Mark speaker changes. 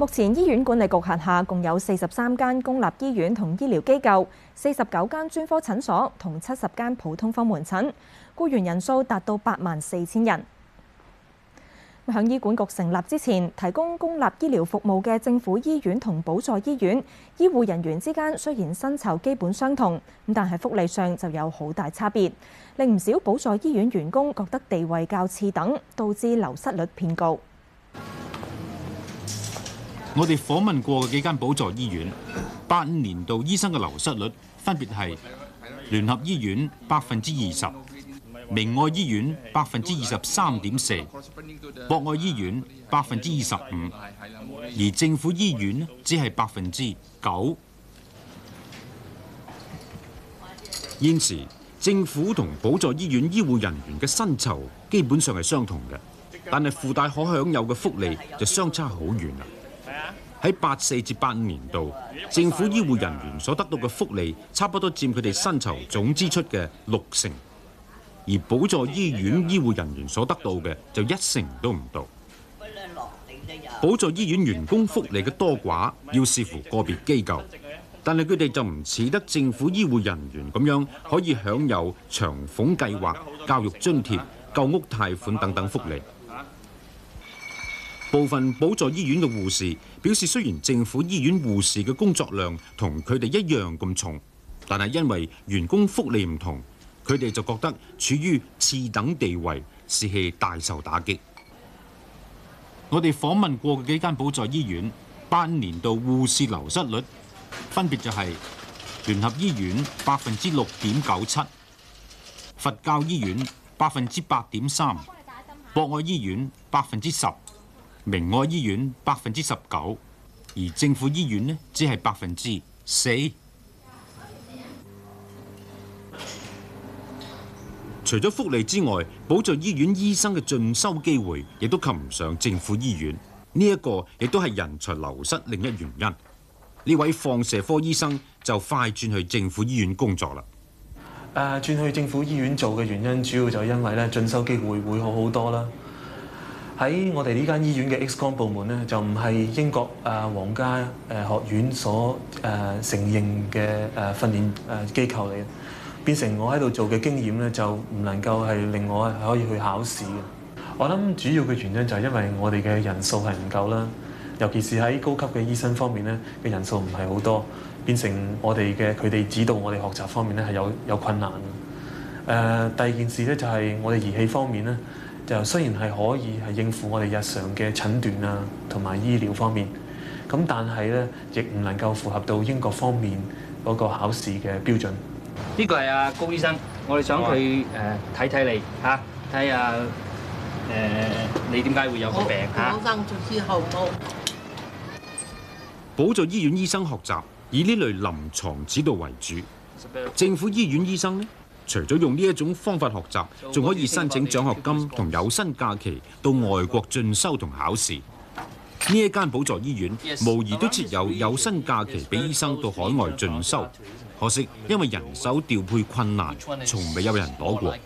Speaker 1: 目前醫院管理局轄下共有四十三間公立醫院同醫療機構，四十九間專科診所同七十間普通科門診，雇員人數達到八萬四千人。咁響醫管局成立之前，提供公立醫療服務嘅政府醫院同補助醫院，醫護人員之間雖然薪酬基本相同，咁但係福利上就有好大差別，令唔少補助醫院員工覺得地位較次等，導致流失率偏高。
Speaker 2: 我哋訪問過嘅幾間補助醫院，八五年度醫生嘅流失率分別係聯合醫院百分之二十、明愛醫院百分之二十三點四、博愛醫院百分之二十五，而政府醫院只係百分之九。現時政府同補助醫院醫護人員嘅薪酬基本上係相同嘅，但係附帶可享有嘅福利就相差好遠啦。喺八四至八五年度，政府醫護人員所得到嘅福利，差不多佔佢哋薪酬總支出嘅六成，而補助醫院醫護人員所得到嘅就一成都唔到。補助醫院員工福利嘅多寡，要視乎個別機構，但係佢哋就唔似得政府醫護人員咁樣可以享有長俸計劃、教育津貼、購屋貸款等等福利。部分補助醫院嘅護士表示，雖然政府醫院護士嘅工作量同佢哋一樣咁重，但係因為員工福利唔同，佢哋就覺得處於次等地位，士氣大受打擊。我哋訪問過嘅幾間補助醫院，半年度護士流失率分別就係聯合醫院百分之六點九七、佛教醫院百分之八點三、博愛醫院百分之十。明愛醫院百分之十九，而政府醫院咧，只係百分之四。除咗福利之外，補助醫院醫生嘅進修機會亦都及唔上政府醫院。呢一個亦都係人才流失另一原因。呢位放射科醫生就快轉去政府醫院工作
Speaker 3: 啦。誒，轉去政府醫院做嘅原因，主要就係因為咧，進修機會會好好多啦。喺我哋呢間醫院嘅 X 光部門咧，就唔係英國誒皇家誒學院所誒承認嘅誒訓練誒機構嚟，變成我喺度做嘅經驗咧，就唔能夠係令我可以去考試嘅。我諗主要嘅原因就係因為我哋嘅人數係唔夠啦，尤其是喺高級嘅醫生方面咧嘅人數唔係好多，變成我哋嘅佢哋指導我哋學習方面咧係有有困難。誒第二件事咧就係我哋儀器方面咧。就雖然係可以係應付我哋日常嘅診斷啊，同埋醫療方面，咁但係呢亦唔能夠符合到英國方面嗰個考試嘅標準。
Speaker 2: 呢個係阿高醫生，我哋想去誒睇睇你嚇，睇下誒你點解會有個病？我生咗之後都補助醫院醫生學習以呢類臨床指導為主。政府醫院醫生呢？除咗用呢一種方法學習，仲可以申請獎學金同有薪假期到外國進修同考試。呢一間補助醫院無疑都設有有薪假期俾醫生到海外進修，可惜因為人手調配困難，從未有人攞過。